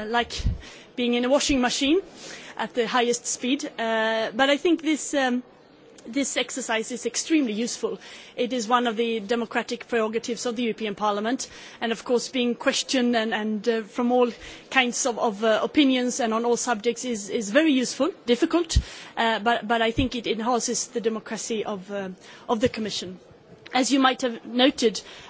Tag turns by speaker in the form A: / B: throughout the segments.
A: Uh, like being in a washing machine at the highest speed. Uh, but I think this, um, this exercise is extremely useful. It is one of the democratic prerogatives of the European Parliament. And of course, being questioned and, and uh, from all kinds of, of uh, opinions and on all subjects is, is very useful, difficult. Uh, but, but I think it enhances the democracy of, uh, of the Commission. As you might have noted, uh,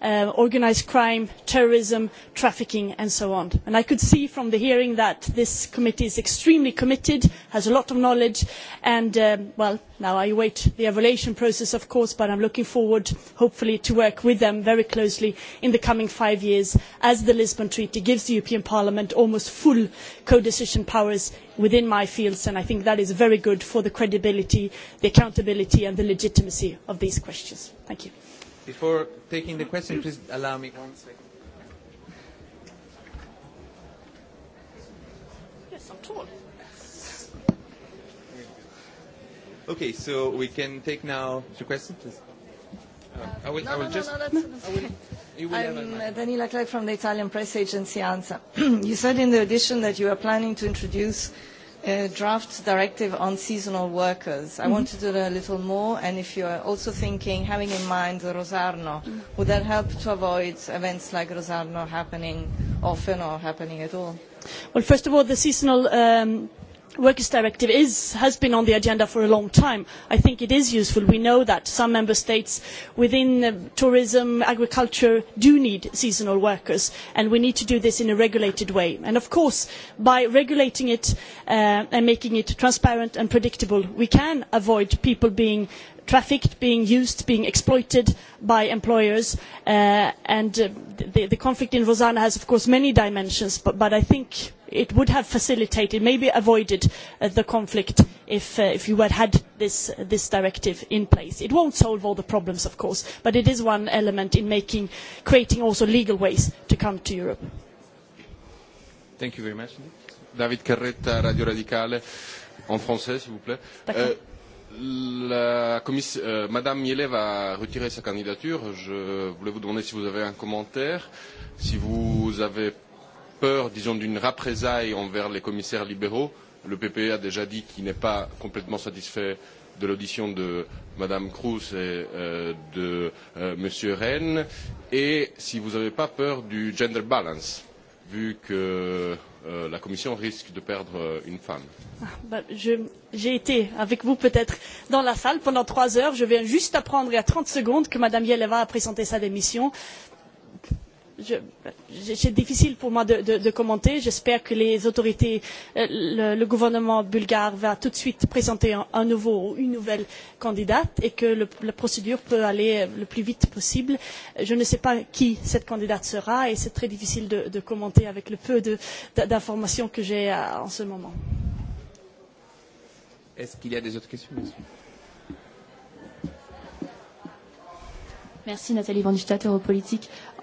A: Uh, organised crime terrorism trafficking and so on. i could see from the hearing that this committee is extremely committed has a lot of knowledge and um, now i await the evaluation process of course but i am looking forward hopefully to working with them very closely in the coming five years as the lisbon treaty gives the european parliament almost full codecision powers within my fields and i think that is very good for the credibility the accountability and the legitimacy of these questions. Before taking the question, please allow me one second. Yes, I'm tall. Okay, so we can take now the question, please. Uh, I will no, no, no, just- No, no, no, that's okay. You will have a uh, mic. I'm Daniela Clerc from the Italian press agency, ANSA. You said in the audition that you are planning to introduce Uh, draft directive on seasonal workers. Mm-hmm. I mhm. wanted to know a little more, and if you are also thinking, having in mind the Rosarno, mm-hmm. would that help to avoid events like Rosarno happening often or happening at all? Well, first of all, the seasonal um, workers directive has been on the agenda for a long time. i think it is useful. we know that some member states within uh, tourism and agriculture do need seasonal workers and we need to do this in a regulated way. of course by regulating it uh, and making it transparent and predictable we can avoid people being trafficked being used being exploited by employers uh, and uh, the, the conflict in rosanna has of course many dimensions but, but i think it would have facilitated maybe avoided uh, the conflict if uh, if you had had this uh, this directive in place it won't solve all the problems of course but it is one element in making creating also legal ways to come to europe thank you very much david carretta radio radicale en français s'il vous plaît D'accord. Uh, la commission, euh, Madame Mielet va retirer sa candidature. Je voulais vous demander si vous avez un commentaire, si vous avez peur, disons, d'une représaille envers les commissaires libéraux. Le PPE a déjà dit qu'il n'est pas complètement satisfait de l'audition de Madame Cruz et euh, de euh, Monsieur Rennes, et si vous n'avez pas peur du gender balance vu que euh, la Commission risque de perdre euh, une femme ah, ben, J'ai été avec vous peut-être dans la salle pendant trois heures. Je viens juste apprendre il y a 30 secondes que Mme Yeleva a présenté sa démission c'est difficile pour moi de commenter j'espère que les autorités euh, le gouvernement bulgare va tout de suite présenter un nouveau ou une nouvelle candidate et que la procédure peut aller euh, le plus vite possible. je ne sais pas qui cette candidate sera et c'est très difficile de commenter avec le peu d'informations que j'ai euh, en ce moment. est ce qu'il y a des autres questions? Merci Nathalie Van Europolitique.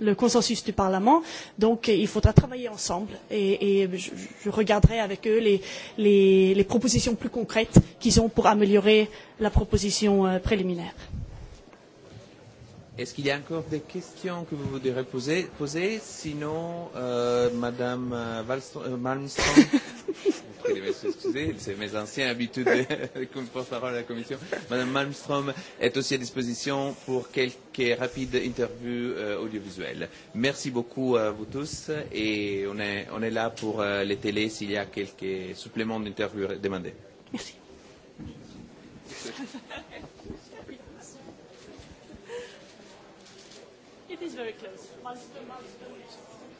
A: le consensus du Parlement. Donc euh, il faudra travailler ensemble et, et je, je regarderai avec eux les, les, les propositions plus concrètes qu'ils ont pour améliorer la proposition euh, préliminaire. Est-ce qu'il y a encore des questions que vous voudriez poser, poser Sinon, euh, Madame euh, euh, Malmström, Malmström excusez, c'est mes anciennes habitudes de, de porte-parole à la Commission. Madame Malmström est aussi à disposition pour quelques rapides interviews euh, audiovisuelles. Merci beaucoup à vous tous et on est, on est là pour euh, les télés s'il y a quelques suppléments d'interviews demandés. Merci. Merci. it is very close. Malmström, Malmström.